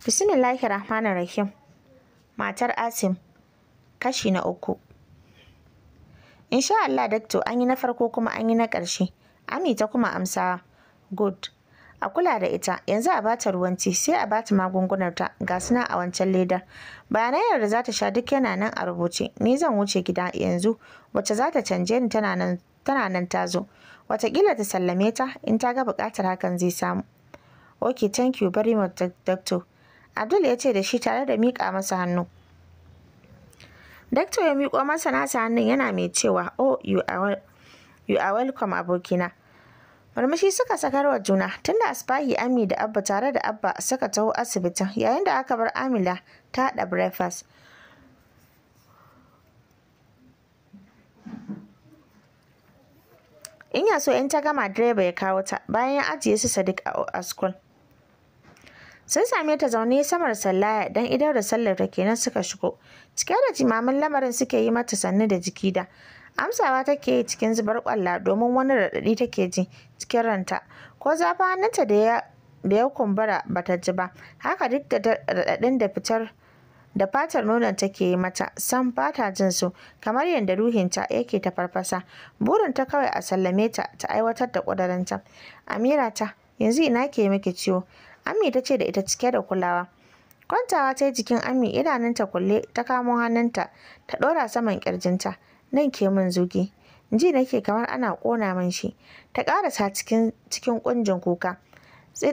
Bismillahi Rahmanir Rahim. Matar Asim, kashi na uku. Insha Allah dakto an yi na farko kuma an yi na ƙarshe. Ami ta kuma amsa good. A kula da ita, yanzu a bata ruwan ci sai a bata magungunarta ga suna a wancan ledar. Bayanan da za ta sha duk yana nan a rubuce. Ni zan wuce gida yanzu wacce za ta canje ni tana nan tana nan ta zo. Wataƙila ta sallame ta in ta ga bukatar hakan zai samu. Okay, thank you very much, doctor. abdul ya ce da shi tare da miƙa masa hannu dakta ya miƙo masa nasa hannun yana mai cewa oh you are, you are welcome abokina murmushi suka sakarwa juna tunda asfahi ami da abba tare da abba suka taho asibitin yayin da aka bar amila ta haɗa breakfast in ya so in ta gama direba ya kawo ta bayan ya ajiye su sadiq a school sun same ta zaune samar sallaya dan idan da sallar ta kenan suka shigo cike da jimamin lamarin suke yi mata sannu da jiki da amsawa take cikin zubar kwalla domin wani raɗaɗi take ji cikin ranta ko zafi hannunta da ya da ya kumbura bata ji ba haka duk da raɗaɗin da fitar da fatar nonon take yi mata san fata jin su kamar yadda ruhinta yake ta farfasa burin ta kawai a sallame ta ta aiwatar da ƙudurinta amira ta yanzu ina ke miki ciwo Ami ta ce da ita cike da kulawa. Kwantawa ta jikin Ami idanunta kulle ta kamo hannunta ta ɗora saman ƙirjinta. Nan ke min zugi. Ji nake kamar ana kona min shi. Ta ƙarasa cikin cikin ƙunjin kuka.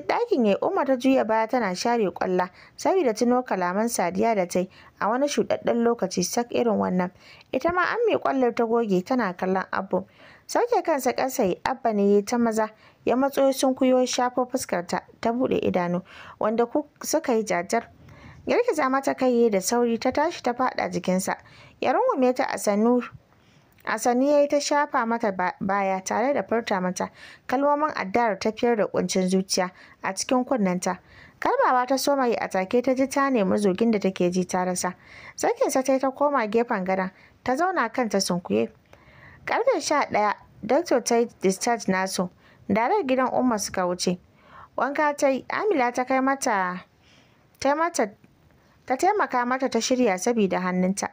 ɗakin ya Umar ta juya baya tana share kwalla saboda tuno kalaman Sadiya da tai a wani shuɗaɗɗen lokaci sak irin wannan. Ita ma an mai kwallar ta goge tana kallon Abu. Sauke kansa ƙasa yi Abba ne ya ta maza ya matso sun kuyo shafo fuskarta ta buɗe idanu wanda suka yi jajar Girki za mata kai da sauri ta tashi ta faɗa jikinsa ya rungume ta a sannu a sannu ya yi ta shafa mata baya tare da furta mata kalmomin addar tafiyar da kuncin zuciya a cikin kunnenta kalmawa ta soma yi a take ta ji ta nemi zogin da take ji ta rasa sarkinsa ta ta koma gefen gadon ta zauna kanta sunkuye karfe sha ɗaya doctor ta yi discharge nasu darar gidan umma suka wuce wanka ta yi amila ta kai mata ta taimaka mata ta shirya saboda hannunta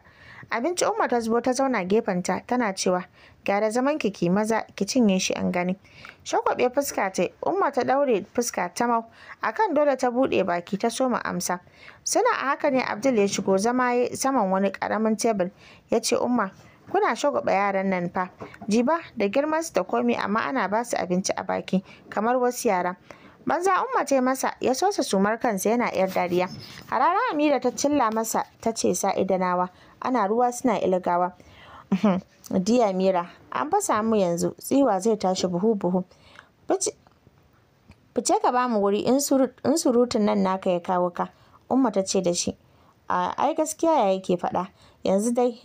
abinci umma ta zubo ta zauna gefenta tana cewa gyara zaman ki maza ki cinye shi an gani shakwabe fuska ta umma ta daure fuska ta mau akan dole ta bude baki ta soma amsa suna a haka ne abdul ya shigo zama saman wani karamin tebur ya ce umma kuna shagwaba yaran nan fa jiba da girman su da komai amma ana ba su abinci a baki kamar wasu yara banza umma ce masa ya sosa sumar kansa yana yar dariya harara amira ta cilla masa ta ce sa idanawa ana ruwa suna ilgawa uhm, diya mira an fa samu yanzu tsiwa zai tashi buhu buhu fice ka bamu wuri in surutun nan naka ya kawo ka umma ta ce da shi ai gaskiya ya yake faɗa yanzu dai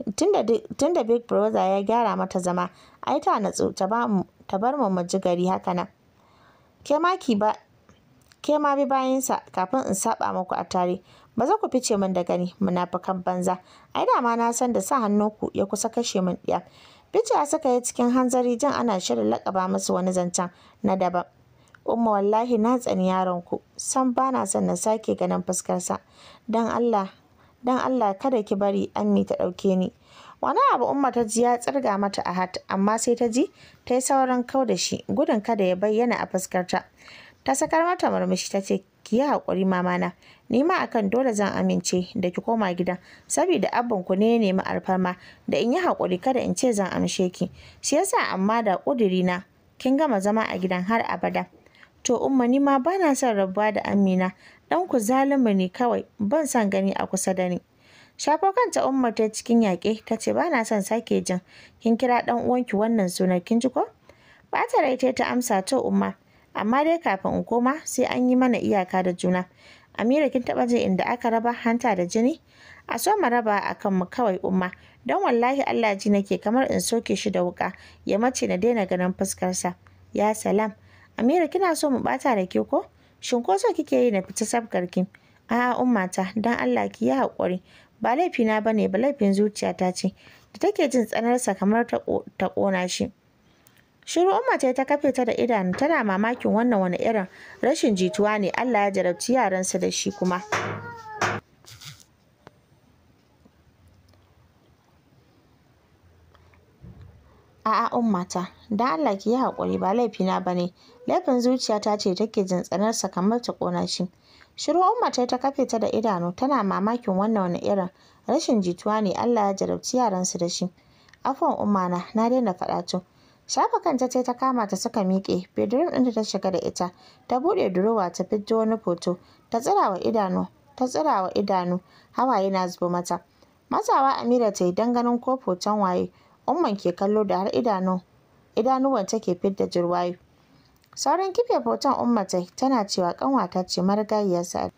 tunda big brother ya gyara mata zama ai ta natsu ta bar mu mu ji gari haka nan ke ma ki ba ke ma bi bayansa kafin in saba muku a tare ba za ku fice min da gani fakan banza ai da ma na san da sa ku ya kusa kashe min ɗiya a saka ya cikin hanzari jin ana shirin lakaba musu wani zancen na daban. Umma wallahi na tsani yaron ku san ba na son na sake ganin fuskarsa. dan Allah, don Allah kada ki bari ammi ta ɗauke ni wani abu umma ta ji ya tsirga mata a hat amma sai ta ji ta yi sauran kau da shi gudun kada ya bayyana a fuskarta ta sakar mata murmushi ta ce ki yi haƙuri mamana ni ma akan dole zan amince da ki koma gida saboda abinku ku ne ya nemi alfarma da in yi haƙuri kada in ce zan amshe ki shi yasa amma da ƙudirina kin gama zama a gidan har abada to umma ni ma na son rabuwa da amina ɗanku zalumi ne kawai ban son gani a kusa da ni shafo kanta ummar ta cikin yaƙe ta ce ba na son sake jin kin kira ɗan uwanki wannan suna kin ji ko ba ta raite ta amsa to umma amma dai kafin in koma sai an yi mana iyaka da juna amira kin taɓa jin inda aka raba hanta da jini a so mu raba a kanmu kawai umma don wallahi allah ji nake kamar in soke shi da wuka ya mace na daina ganin fuskarsa ya salam amira kina so mu ɓata rake ko shin kike yi na fita sabgarki a'a ummata dan Allah ki yi haƙuri ba laifina bane ba laifin zuciyata ce da take jin tsanarsa kamar ta kona shi shiru ummata ta ta kafe ta da idanu tana mamakin wannan wani irin rashin jituwa ne Allah ya jarabci yaransa da shi kuma A'a ummata, dan Allah ki yi haƙuri ba laifina ba ne, laifin zuciyata ce take jin tsanarsa kamar ta ƙona shi. Shiru umma ta kafe ta da idanu tana mamakin wannan wani irin rashin jituwa ne Allah ya jarabci yaransu da shi. Afwan umma na na daina faɗa to. Shafa kanta ta ta kama ta suka miƙe, bedroom ɗinta ta shiga da ita, ta buɗe durowa ta fito wani foto, ta tsirawa idanu, ta tsirawa idanu, hawaye na zuba mata. Mazawa Amira ta yi don ganin ko foton waye, umman ke kallo da har idanu idanuwan take fidda jirwayu sauran kife hoton umma ta tana cewa kanwata ce marigayiyar sa'ad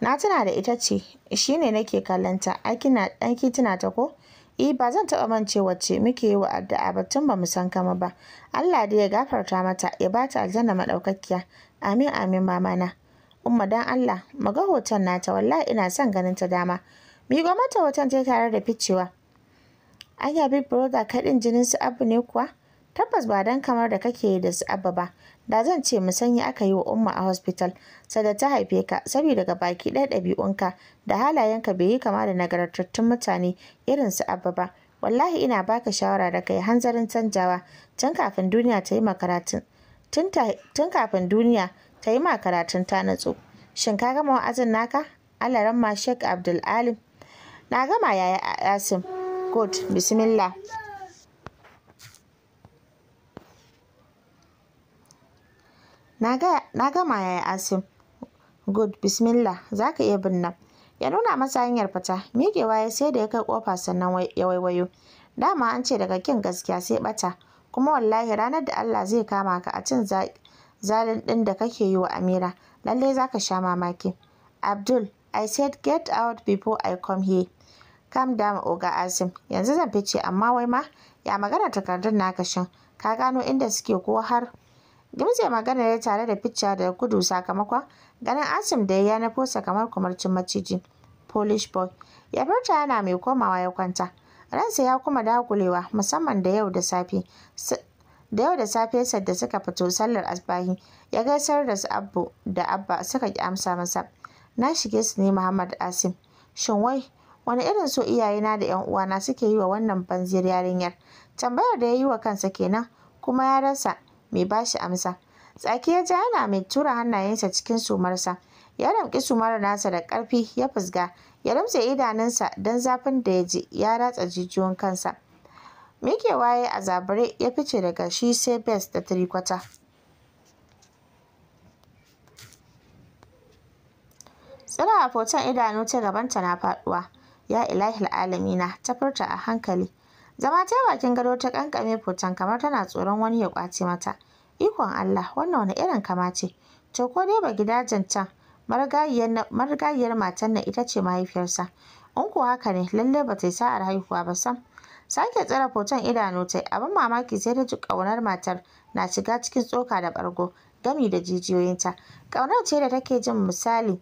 na tana da ita ce shi ne nake kallonta ai ki tana ta ko e ba zan taɓa mance wacce muke yi wa addu'a ba tun ba mu san kama ba Allah dai ya gafarta mata ya ba ta aljanna maɗaukakiya amin amin na. umma dan Allah Muga hoton nata wallahi ina son ganin ta dama Mi miƙo mata hoton ta tare da ficewa anya big brother kaɗin jinin su abu ne kuwa tabbas ba dan kamar da kake da su abba ba da zan ce mu sanya aka yi wa umma a hospital sada ta haife ka saboda ga baki ɗaya ɗabi'unka da halayenka bai yi kama da nagartattun mutane irin su abba ba wallahi ina baka shawara da kai hanzarin canjawa tun kafin duniya ta yi makaratun tun kafin duniya ka yi ma karatun ta natsu shin ka gama wa'azin naka Allah ma sheik abdul alim na gama yaya asim good bismillah na gama yaya asim good bismillah za iya binna ya nuna masa hanyar fita miƙewa ya sai da ya kai kofa sannan ya waiwayo dama an ce daga kin gaskiya sai ɓata kuma wallahi ranar da allah zai kama ka a cin zalin ɗin da kake yi wa Amira lallai za ka sha mamaki. Abdul, I said get out before I come here. Calm down Oga Asim, yanzu zan fice amma wai ma ya magana takardun naka shin ka gano inda suke ko har Gimze magana ya tare da ficca da gudu sakamakon ganin Asim da ya fosa kamar kumarcin maciji. Polish boy ya furta yana mai komawa ya kwanta. Ransa ya kuma dagulewa musamman da yau da safe da yau da safe sadda suka fito sallar asbahi ya gaisar da su abu da abba suka ki amsa masa na shige su ne muhammad asim shin wai wani irin so na da yan uwana suke yi wa wannan banzir yarinyar tambayar da ya yi wa kansa kenan kuma ya rasa mai bashi amsa tsaki ya ja yana mai tura hannayensa cikin sumarsa ya ramki sumar nasa da ƙarfi ya fusga ya rumtse idanunsa don zafin da ya ji ya ratsa jijiyoyin kansa Me mike waye a zabare ya fice daga shi sai bes da tirikwata tsira a foton idanu ta gaban ta na faduwa ya ilahil alamina ta furta a hankali zama ta bakin gado ta kankame foton kamar tana tsoron wani ya kwace mata ikon allah wannan wani irin kama ce to ko dai ba gida jantan marigayiyar matan na ita ce mahaifiyarsa in ko haka ne lallai ba ta yi sa'ar haihuwa ba sam sake tsare hoton idanu ta abin mamaki sai ta ji ƙaunar matar na shiga cikin tsoka da ɓargo gami da jijiyoyinta ƙaunar ce da take jin misali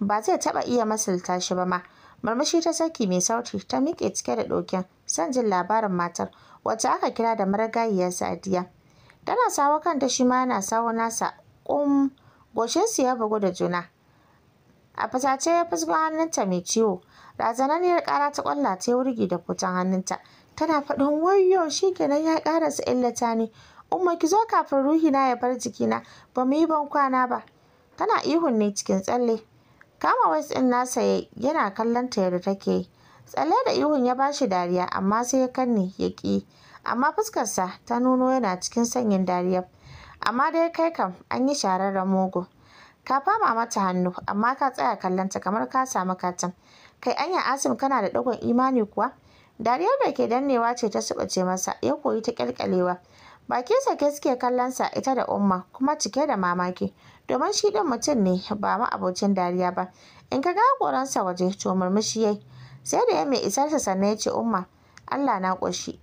ba zai taɓa iya masalta shi ba ma murmushi ta saki mai sauti ta miƙe cike da ɗokin son jin labarin matar wacce aka kira da marigayiyar sadiya tana sawa kanta shi ma yana sawo nasa ƙum goshinsu ya bugu da juna a fasace ya fusgo hannunta mai ciwo razananiyar kara ta kwalla ta wurgi da fitan hannunta tana faɗin wayo shi kenan ya su illata ne umma ki zo kafin ruhina ya bar jikina ba mu yi ban kwana ba tana ihun ne cikin tsalle kama wais ɗin nasa yana kallon ta yadda take yi tsalle da ihun ya bashi dariya amma sai ya kanne ya ƙi amma fuskarsa ta nuno yana cikin sanyin dariya amma dai kai kam an yi shararren mugun. ka fama mata hannu amma ka tsaya kallonta kamar ka samu katin kai anya asim kana da ɗagon imani kuwa dariyar da ke dannewa ce ta subace masa ya koyi ta Ba bakin sa ke suke kallonsa ita da umma kuma cike da mamaki domin shi din mutum ne ba ma abocin dariya ba in ka ga koransa waje to murmushi yai. sai da ya mai sa sannan ya ce umma allah na ƙoshi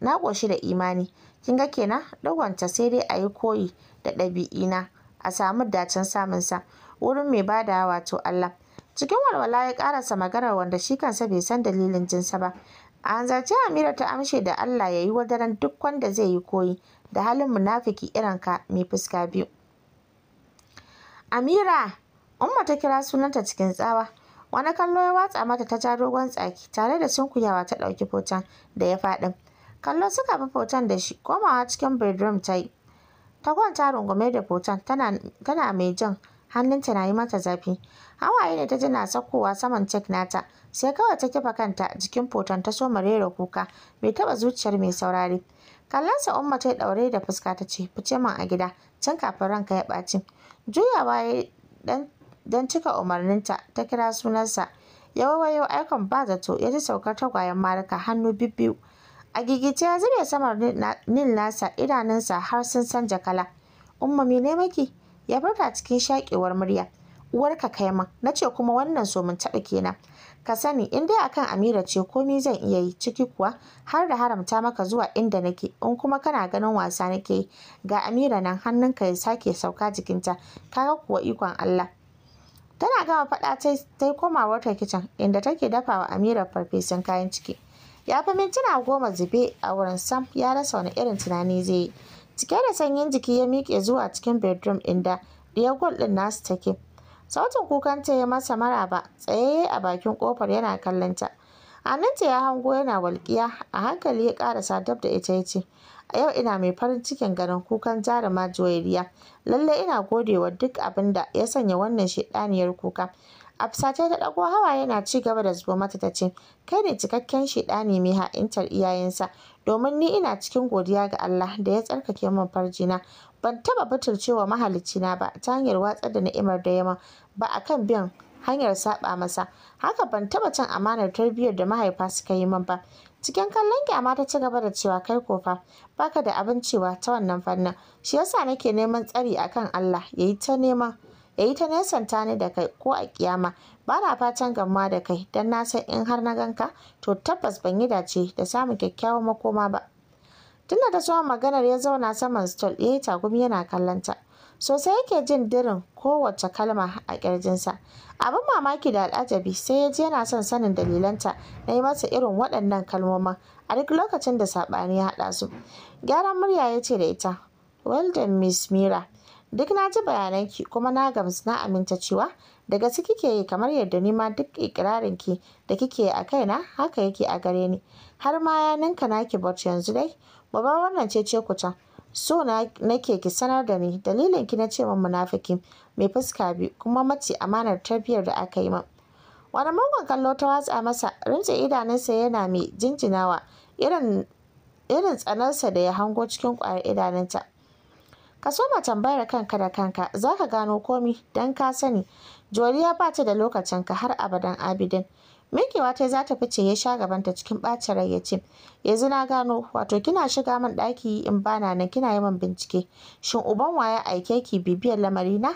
na koshi da imani kin ga kenan ɗagwanta sai dai ayi koyi da ɗabi'ina a samu dacen sa, wurin mai bada wato Allah. Cikin walwala ya ƙarasa magana wanda shi kansa bai san dalilin jinsa ba. A hanzarci Amira ta amshe da Allah ya yi wadaran duk wanda zai yi koyi da halin munafiki irin ka mai fuska biyu. Amira, Umma ta kira sunanta cikin tsawa. Wani kallo ya watsa mata ta ja dogon tsaki tare da sunkuyawa ta ɗauki foton da ya faɗin. Kallo suka bi foton da shi komawa cikin bedroom ta yi. ta kwanta rungume da foton, tana mai jan hannunta na yi mata zafi hawaye ne ta ji na saukowa saman cek nata sai kawai ta kifa kanta jikin foton ta soma rera kuka mai taba zuciyar mai saurari kallansa umma ta yi daure da fuska ta ce fice man a gida can kafin ranka ya ɓaci juyawa ya dan don cika umarninta ta kira sunansa ya wawayo aikon ba zato ya ji saukar tagwayen marika hannu bibbiyu a gigice ya zube samar nil nasa idanunsa har sun sanja kala umma me ne maki ya furta cikin shaƙewar murya uwarka kai man na ce kuma wannan so mun taɓa kenan ka sani in dai akan amira ce komi zan iya yi ciki kuwa har da haramta maka zuwa inda nake in kuma kana ganin wasa nake yi ga amira nan hannunka ya sake sauka jikinta kaga kuwa ikon allah tana gama faɗa ta yi ta kicin inda take dafawa amira farfesun kayan ciki ya fi mintuna goma zube a wurin sam ya rasa wani irin tunani zai yi cike da sanyin jiki ya miƙe zuwa cikin bedroom inda. da ɗiyar gwal ɗin nasu take sautin kukan ta ya masa mara ba, tsaye a bakin kofar yana kallon ta hannunta ya hango yana walƙiya a hankali ya ƙara Sadab da ita ya ce a yau ina mai farin cikin ganin kukan jarumar juwairiya lallai ina godewa duk abin da ya sanya wannan shiɗaniyar kuka Absace ta ɗago hawa yana ci gaba da zuba mata ta ce, Kai ne cikakken ne mai ha'intar iyayensa, domin ni ina cikin godiya ga Allah da ya tsarkake min farjina. Ban taɓa butulcewa na ba ta hanyar watsar da ni'imar da yamma ba a kan bin hanyar saɓa masa. Haka ban taɓa cin amanar tarbiyyar da mahaifa suka yi min ba. Cikin kallon kyama ta ci gaba da cewa kai ko fa baka da abin cewa ta wannan fannin. Shi yasa nake neman tsari akan Allah yayi ta neman ya yi ta nesanta ni da kai ko a kiyama ba na fatan gamma da kai don na san in har na ganka to tabbas ban yi dace da samun kyakkyawan makoma ba tunda da suma maganar ya zauna saman stol ya yi tagumi yana kallonta sosai yake jin dirin kowace kalma a ƙirjinsa abin mamaki da al'ajabi sai ya ji yana son sanin dalilanta na yi masa irin waɗannan kalmomin a duk lokacin da saɓani ya haɗa su gyaran murya ya ce da ita well done miss mira duk na ji bayananki kuma na gamsu na aminta cewa daga gaske kike yi kamar yadda ni ma duk ikirarin ki da kike a kaina haka yake a gare ni har ma ya ninka naki bot yanzu dai babban wannan ce ce kuta so nake ki sanar da ni dalilin ki na ce min munafiki mai fuska biyu kuma mace amanar tarbiyar da aka yi min wani mangon kallo ta watsa masa rinse idanunsa yana mai jinjinawa irin irin tsanarsa da ya hango cikin kwayar idanunta ka soma tambayar kanka da kanka za ka gano komi don ka sani joriya ba ta da lokacinka har abadan abidin mikewa ta za ta fice ya sha gabanta cikin ɓacin rai ya ce yanzu na gano wato kina shiga min ɗaki in bana nan kina yi min bincike shin uban waya aike ki bibiyar lamari na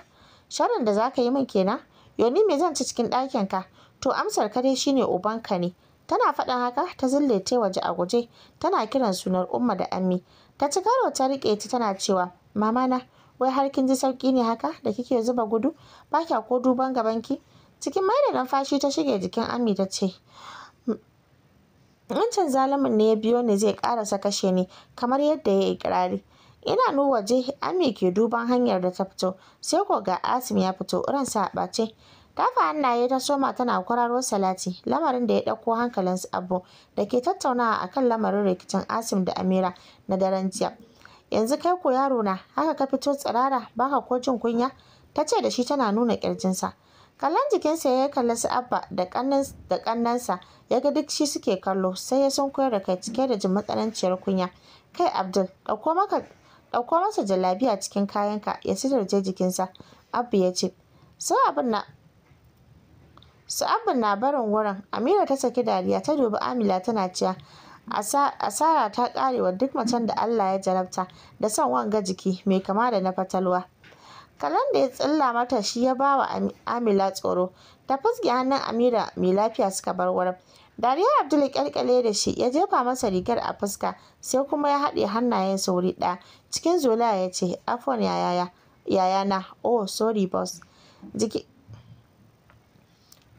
sharin da za ka yi min kenan yoni me zan ci cikin ɗakin ka to amsar ka dai shine ubanka ne tana faɗin haka ta zille ta waje a guje tana kiran sunar umma da ammi ta ci karo ta riƙe ta tana cewa Mamana, wai har kin ji sauki ne haka da kike zuba gudu ba kya ko duban gaban ki? cikin mai da numfashi ta shige jikin ami ta ce wancan zalumin ne ya biyo ni zai karasa kashe ni kamar yadda ya ikirari ina nu waje ami ke duban hanyar da ta fito sai ko ga asim ya fito ransa a ɓace Tafa hannaye ta soma tana kwararo Salati, lamarin da ya ɗauko hankalin Abu da ke tattaunawa akan lamarin rikicin Asim da Amira na daren jiya. yanzu kai ko yaro na haka ka fito tsirara baka ko jin kunya ta ce da shi tana nuna kirjinsa kallon jikinsa ya kalli su abba da kannansa ya ga duk shi suke kallo sai ya sun koyar da kai cike da jin matsananciyar kunya kai abdul ɗauko masa jallabi a jalabiya cikin kayanka ya je jikinsa abu ya ce su abin na barin wurin amira ta saki dariya ta dubi amila tana ciya asara ta karewa duk macen da Allah ya jarabta da son wanga jiki mai kama da na fatalwa kalan da ya tsilla mata shi ya ba wa amila tsoro ta fuske hannun amira mai lafiya suka bar wurin dariya abdul kyalkyale da shi ya jefa masa rigar a fuska sai kuma ya haɗe hannayen sauri ɗaya cikin zolaya ya ce afon yayaya yayana oh sorry boss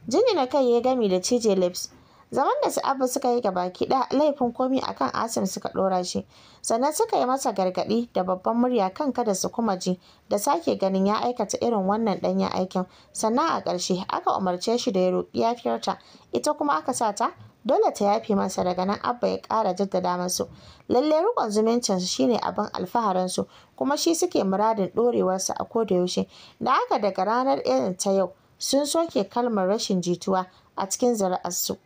jini na kai ya gami da cije lips zaman da su suka yi gabaki ɗaya laifin komi akan asim suka ɗora shi sannan suka yi masa gargaɗi da babban murya kan kada su kuma ji da sake ganin ya aikata irin wannan ɗanyen aikin sannan a ƙarshe aka umarce shi da ya roƙi yafiyarta ita kuma aka sa ta dole ta yafe masa daga nan abba ya ƙara jaddada masu Lallai, rikon zumuncin shine abin su kuma shi suke muradin ɗorewarsa a kodayaushe da haka daga ranar irin ta yau sun soke kalmar rashin jituwa a cikin su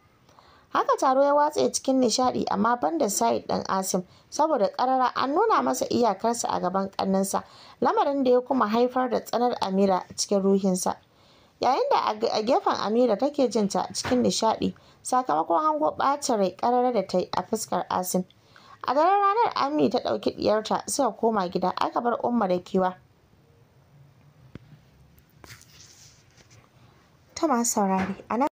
haka taro ya watse cikin nishadi amma ban da sa'id dan asim saboda karara an nuna masa iyakarsa a gaban kannansa lamarin da ya kuma haifar da tsanar amira cikin ruhinsa yayin da a gefen amira take jinta cikin nishadi sakamakon hango ɓacin rai karara da ta yi a fuskar asim a daren ranar ami ta ɗauki ɗiyarta suka koma gida aka bar umma da kiwa ta masu saurari a